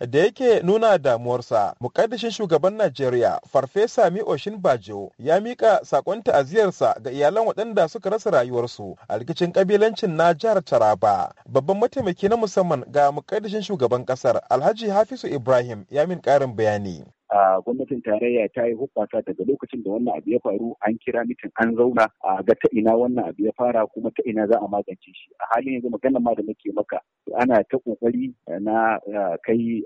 da yake nuna damuwarsa mukaddashin shugaban najeriya farfesa mi oshin bajo ya mika sakon ta'aziyarsa ga iyalan waɗanda suka rasa rayuwarsu a rikicin ƙabilancin na jihar taraba babban mataimaki na musamman ga mukaddashin shugaban Ƙasar, alhaji Hafisu ibrahim ya min ƙarin bayani gwamnatin tarayya ta yi hukwasa daga lokacin da wannan abu ya faru an kira mitin an zauna a ga ta ina wannan abu ya fara kuma ta ina za a magance shi a halin yanzu magana ma da nake maka ana ta kokari na kai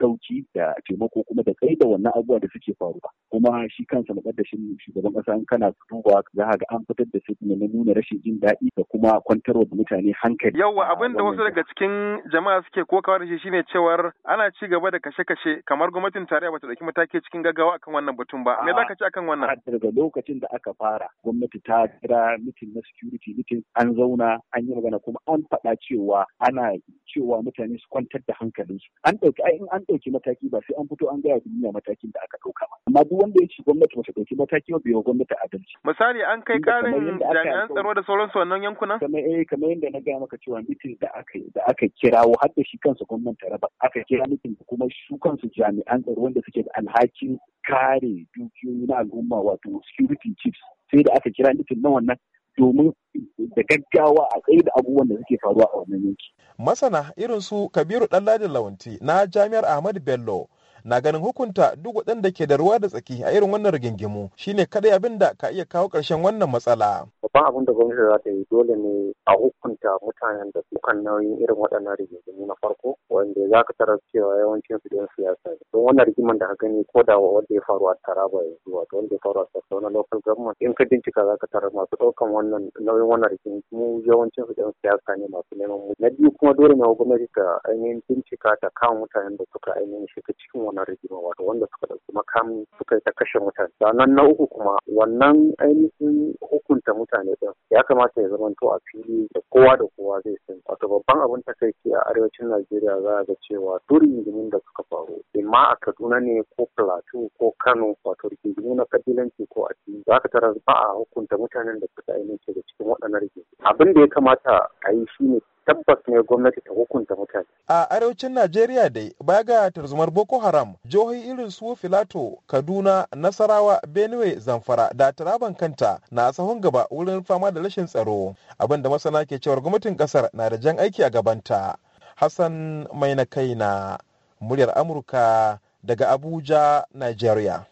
dauki da taimako kuma da kai da wannan abubuwa da suke faruwa kuma shi kansa mukaddashin shugaban kasa in kana duba za ka ga an fitar da signal na nuna rashin jin daɗi da kuma kwantarwa da mutane hankali yawa abin da wasu daga cikin jama'a suke kokawa da shi shine cewar ana ci gaba da kashe-kashe kamar gwamnatin tarayya bata dauki mataki cikin gaggawa akan wannan batun ba me za ka ci akan wannan daga lokacin da aka fara gwamnati ta kira mitin na security mitin an zauna an yi magana kuma an faɗa cewa ana cewa mutane su kwantar da hankalinsu an ɗauki in an ɗauki mataki ba sai an fito an gaya duniya matakin da aka ɗauka ba amma duk wanda ya ci gwamnati ba ta ɗauki mataki ba bai wa gwamnati adalci. Misali an kai karin jami'an tsaro da sauransu wannan yankuna? Kamar eh kamar yadda na gaya maka cewa mitin da aka da aka kirawo har da shi kansa gwamnati Taraba aka kira mitin da kuma su kansu jami'an tsaro wanda suke da alhakin kare dukiyoyi na al'umma wato security chiefs sai da aka kira mitin na wannan domin da gaggawa a tsaye da abubuwan da suke faruwa a wannan yanki. Masana irin su Kabiru Ɗanladin Lawanti na Jami'ar Ahmadu Bello na ganin hukunta duk waɗanda ke da ruwa da tsaki a irin wannan rigingimu shine kadai abin da ka iya kawo ƙarshen wannan matsala. Babban abin da gwamnati za ta yi dole ne a hukunta ga mutanen da kan nauyin irin waɗannan rigingimu na farko wanda za ka tarar cewa yawancin su don siyasa ne don wannan rigiman da ka gani ko da wanda ya faru a taraba yanzu wato wanda ya faru a sassa na local government in ka bincika za ka tarar masu ɗaukan wannan nauyin wannan rigingimu yawancin su don siyasa ne masu neman mu na biyu kuma dole ne gwamnati ta ainihin bincika ta kama mutanen da suka ainihin shiga cikin wannan rigima wato wanda suka ɗauki makami suka yi ta kashe mutane sannan na uku kuma wannan ainihin hukunta mutane ɗin ya kamata ya zamanta a fili da kowa kowa da kowa zai san wato babban abin takaici a arewacin najeriya za a ga cewa duk rigimin da suka faru imma a kaduna ne ko plateau ko kano wato rigimi na kabilanci ko addini za ka tarar ba a hukunta mutanen da suka ainihin da cikin waɗannan rigimi abin da ya kamata a yi shine tabbas ne gwamnati ta hukunta mutane. A arewacin Najeriya dai baya ga tarzumar Boko Haram, jihohi irin su Filato, Kaduna, Nasarawa, Benue, Zamfara da Taraban kanta na sahun gaba wurin fama da rashin tsaro. Abin da masana ke cewar gwamnatin kasar na da jan aiki a gabanta. Hassan Mai na kaina, muryar Amurka daga Abuja, Najeriya.